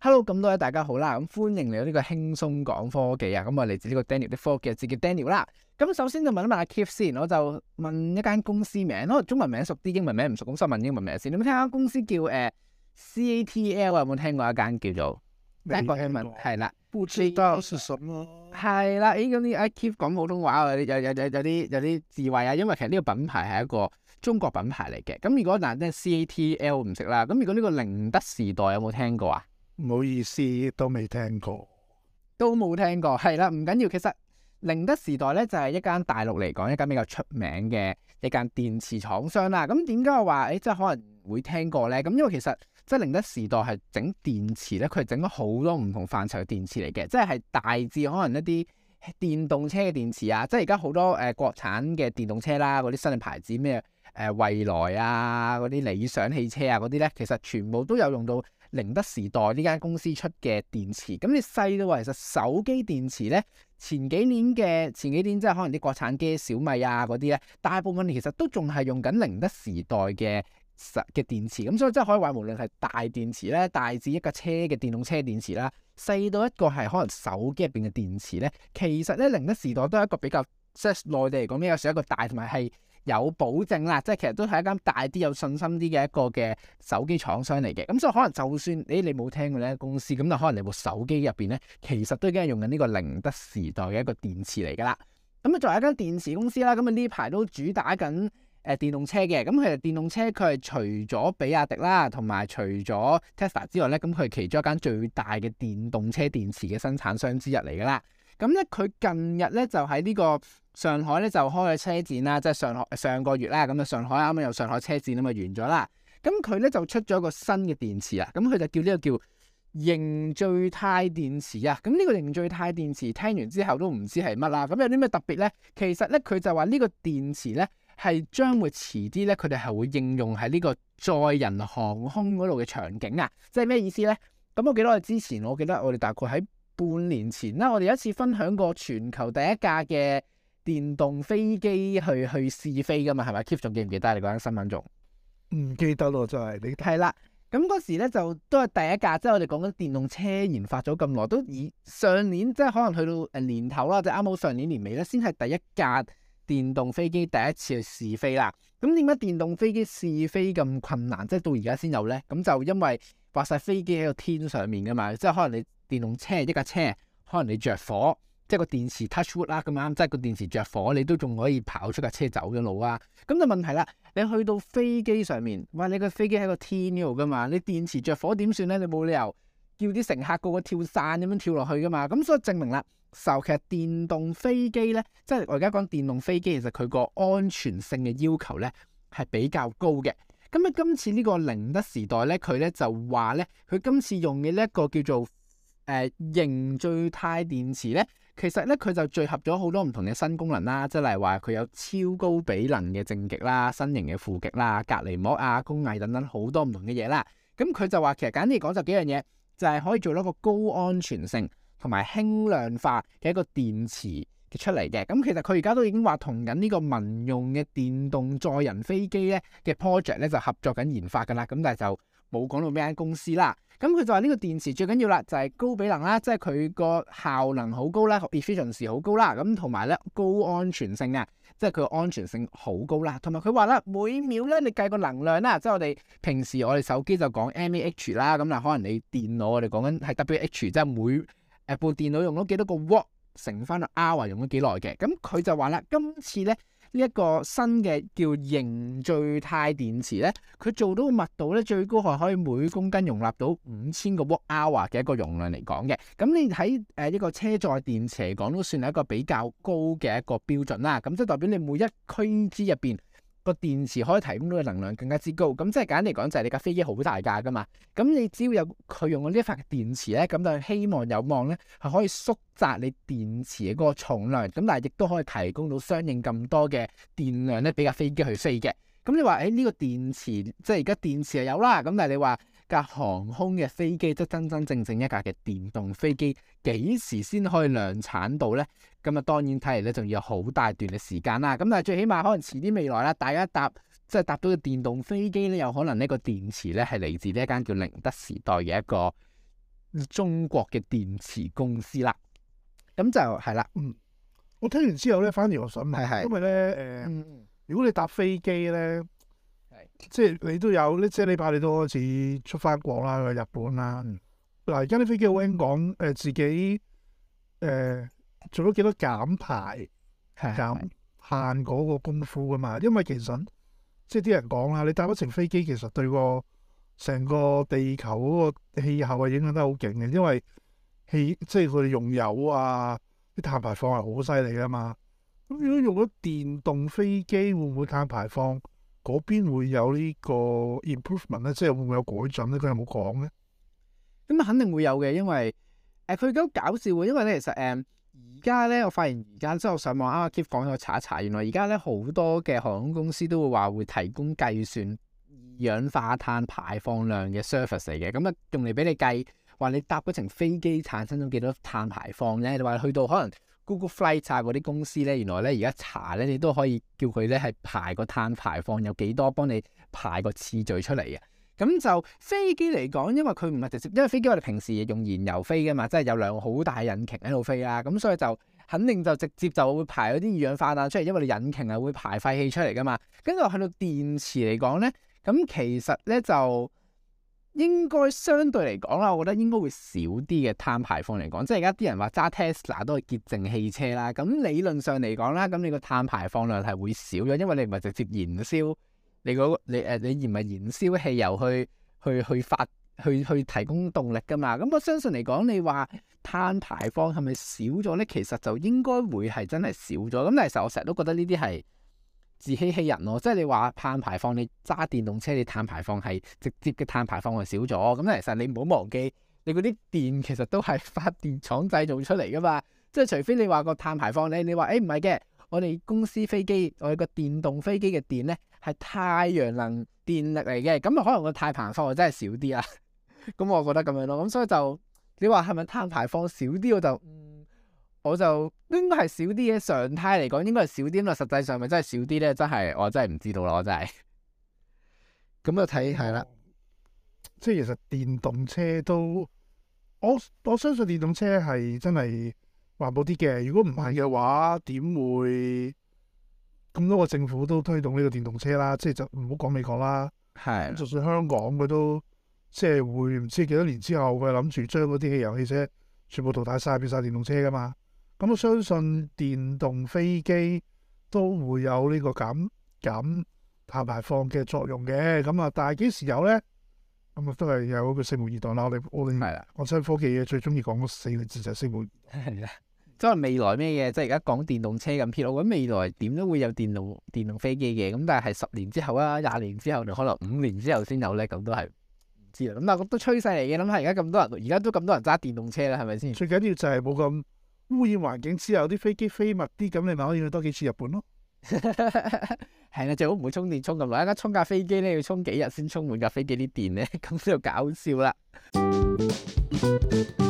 Hello，咁多位大家好啦，咁歡迎嚟到呢個輕鬆講科技啊，咁我嚟自呢個 Daniel 的科技，自叫 Daniel 啦。咁首先就問一問阿 Keith 先，我就問一間公司名，囉，中文名熟啲，英文名唔熟，咁想問英文名先。你有冇聽間公司叫誒 CATL？有冇聽過一間叫做？英係啦。唔知。係啦，誒咁啲阿 Keith 講普通話，有有有啲有啲智慧啊，因為其實呢個品牌係一個。中國品牌嚟嘅，咁如果嗱，即係 CATL 唔識啦。咁如果呢個寧德時代有冇聽過啊？唔好意思，都未聽過，都冇聽過。係啦，唔緊要。其實寧德時代呢，就係、是、一間大陸嚟講一間比較出名嘅一間電池廠商啦。咁點解我話誒即係可能會聽過呢？咁因為其實即係寧德時代係整電池呢，佢係整咗好多唔同範疇嘅電池嚟嘅，即係大致可能一啲電動車嘅電池啊，即係而家好多誒、呃、國產嘅電動車啦，嗰啲新嘅牌子咩？誒、呃、蔚來啊，嗰啲理想汽車啊，嗰啲呢，其實全部都有用到寧德時代呢間公司出嘅電池。咁你細到話，其實手機電池呢，前幾年嘅前幾年即係可能啲國產機小米啊嗰啲呢，大部分其實都仲係用緊寧德時代嘅實嘅電池。咁所以即係可以話，無論係大電池呢，大至一架車嘅電動車電池啦，細到一個係可能手機入邊嘅電池呢。其實呢，寧德時代都係一個比較即係內地嚟講比較少一個大同埋係。有保證啦，即係其實都係一間大啲、有信心啲嘅一個嘅手機廠商嚟嘅。咁所以可能就算誒、哎、你冇聽過呢間公司，咁就可能你部手機入邊咧，其實都已經係用緊呢個寧德時代嘅一個電池嚟噶啦。咁啊，作為一間電池公司啦，咁啊呢排都主打緊誒電動車嘅。咁其實電動車佢係除咗比亞迪啦，同埋除咗 Tesla 之外咧，咁佢係其中一間最大嘅電動車電池嘅生產商之一嚟噶啦。咁咧佢近日咧就喺呢、呢個。上海咧就開咗車展啦，即係上海上個月啦，咁啊上海啱啱有上海車展吖嘛，完咗啦，咁佢咧就出咗個新嘅電池啊，咁佢就叫呢個叫凝聚態電池啊，咁呢個凝聚態電池聽完之後都唔知係乜啦，咁有啲咩特別咧？其實咧佢就話呢個電池咧係將會遲啲咧，佢哋係會應用喺呢個載人航空嗰度嘅場景啊，即係咩意思咧？咁我記得我哋之前，我記得我哋大概喺半年前啦，我哋有一次分享過全球第一架嘅。電動飛機去去試飛噶嘛，係咪？Keep 仲記唔記得你嗰張新聞？仲唔記得咯？就係，睇啦。咁嗰時咧就都係第一架，即係我哋講緊電動車研發咗咁耐，都以上年即係可能去到誒年頭啦，就啱好上年年尾咧，先係第一架電動飛機第一次去試飛啦。咁點解電動飛機試飛咁困難？即係到而家先有咧？咁就因為話晒飛機喺個天上面噶嘛，即係可能你電動車一架車，可能你着火。即係個電池 touch wood 啦咁啱，即係個電池着火，你都仲可以跑出架車走咗路啊。咁就問題啦。你去到飛機上面，哇！你飛機個飛機喺個天嗰度噶嘛，你電池着火點算咧？你冇理由叫啲乘客個個跳傘咁樣跳落去噶嘛。咁所以證明啦，尤其實電動飛機咧，即係我而家講電動飛機，其實佢個安全性嘅要求咧係比較高嘅。咁咧，今次呢個寧德時代咧，佢咧就話咧，佢今次用嘅呢一個叫做誒凝聚態電池咧。其實咧，佢就聚合咗好多唔同嘅新功能啦，即係例如話佢有超高比能嘅正極啦、新型嘅負極啦、隔離膜啊、工藝等等好多唔同嘅嘢啦。咁佢就話其實簡直講就幾樣嘢，就係可以做到一個高安全性同埋輕量化嘅一個電池嘅出嚟嘅。咁其實佢而家都已經話同緊呢個民用嘅電動載人飛機咧嘅 project 咧就合作緊研發噶啦。咁但係就。冇講到咩間公司啦，咁佢就話呢個電池最緊要啦，就係高比能啦，即係佢個效能好高啦，efficiency 好高啦，咁同埋咧高安全性啊，即係佢個安全性好高啦，同埋佢話咧每秒咧你計個能量啦，即係我哋平時我哋手機就講 mAh 啦，咁嗱可能你電腦我哋講緊係 Wh，即係每誒部電腦用咗幾多個 w，乘翻個 hour 用咗幾耐嘅，咁佢就話啦，今次咧。呢一個新嘅叫凝聚態電池咧，佢做到嘅密度咧最高係可以每公斤容納到五千個瓦時嘅一個容量嚟講嘅，咁你喺誒呢個車載電池嚟講都算係一個比較高嘅一個標準啦，咁即係代表你每一區之入邊，個電池可以提供到嘅能量更加之高，咁即係簡單嚟講就係你架飛機好大架㗎嘛，咁你只要有佢用咗呢一塊電池咧，咁就希望有望咧係可以縮窄你電池嘅嗰個重量，咁但係亦都可以提供到相應咁多嘅電量咧俾架飛機去飛嘅，咁你話誒呢個電池即係而家電池係有啦，咁但係你話架航空嘅飛機，即真真正正一架嘅電動飛機，幾時先可以量產到呢？咁啊，當然睇嚟咧，仲要有好大段嘅時間啦。咁但係最起碼可能遲啲未來啦，大家搭即係、就是、搭到嘅電動飛機呢，有可能呢個電池呢，係嚟自呢一間叫寧德時代嘅一個中國嘅電池公司啦。咁就係啦，嗯，我聽完之後呢，反而我想問係係，是是因為咧誒，呃嗯、如果你搭飛機呢？即係你都有，即係你怕你都開始出翻國啦，去日本啦。嗱、嗯，而家啲飛機好興講誒，自己誒、呃、做咗幾多減排、減 限嗰個功夫噶嘛？因為其實即係啲人講啦，你搭一程飛機其實對個成個地球嗰個氣候啊影響得好勁嘅，因為氣即係佢哋用油啊啲碳排放係好犀利噶嘛。咁如果用咗電動飛機，會唔會碳排放？嗰邊會有呢個 improvement 咧，即係會唔會有改進咧？佢有冇講咧？咁肯定會有嘅，因為誒佢、呃、都搞笑喎，因為咧其實誒而家咧，我發現而家即係我上網啱啱 keep 講咗查一查，原來而家咧好多嘅航空公司都會話會提供計算二氧化碳排放量嘅 service 嚟嘅，咁啊用嚟俾你計話你搭嗰程飛機產生咗幾多碳排放咧？話你你去到可能…… Google flights 嗰啲公司咧，原來咧而家查咧，你都可以叫佢咧係排個碳排放有幾多，幫你排個次序出嚟嘅。咁就飛機嚟講，因為佢唔係直接，因為飛機我哋平時用燃油飛噶嘛，即係有兩個好大引擎喺度飛啦，咁所以就肯定就直接就會排嗰啲二氧化碳出嚟，因為你引擎係會排廢氣出嚟噶嘛。跟住去到電池嚟講咧，咁其實咧就。應該相對嚟講啦，我覺得應該會少啲嘅碳排放嚟講，即係而家啲人話揸 Tesla 都係潔淨汽車啦。咁理論上嚟講啦，咁你個碳排放量係會少咗，因為你唔係直接燃燒你個你誒，你而唔係燃燒汽油去去去，去發去去提供動力噶嘛。咁我相信嚟講，你話碳排放係咪少咗呢？其實就應該會係真係少咗。咁但係其實我成日都覺得呢啲係自欺欺人咯。哦，即係你話碳排放，你揸電動車，你碳排放係直接嘅碳排放係少咗。咁其實你唔好忘記，你嗰啲電其實都係發電廠製造出嚟噶嘛。即係除非你話個碳排放，你你話誒唔係嘅，我哋公司飛機，我哋個電動飛機嘅電咧係太陽能電力嚟嘅，咁啊可能個碳排放啊真係少啲啊。咁 我覺得咁樣咯，咁所以就你話係咪碳排放少啲我就。我就應該係少啲嘅，常態嚟講，應該係少啲啦。實際上咪真係少啲咧？真係我真係唔知道囉。我真係咁 就睇睇啦。即係其實電動車都我我相信電動車係真係環保啲嘅。如果唔係嘅話，點會咁多個政府都推動呢個電動車啦？即係就唔好講美國啦，係的就算香港佢都即係會唔知幾多年之後佢諗住將嗰啲汽油汽車全部淘汰晒，變晒電動車㗎嘛？咁、嗯、我相信電動飛機都會有呢個減減碳排放嘅作用嘅，咁啊，但係幾時有咧？咁、嗯、啊，都係有一個四無二檔啦。我哋我拎係啦，我真係科技嘅最中意講嗰四個字就係四無。即係未來咩嘢？即係而家講電動車咁撇，我諗未來點都會有電動電動飛機嘅。咁但係十年之後啊，廿年之後，可能五年之後先有咧。咁都係唔知啦。咁但係都趨勢嚟嘅。諗下而家咁多人，而家都咁多人揸電動車啦，係咪先？最緊要就係冇咁污染環境之後，啲飛機飛密啲，咁你咪可以去多幾次日本咯。係啦， 最好唔好充電充咁耐，而家充架飛機咧，要充幾日先充滿架飛機啲電咧，咁 就搞笑啦。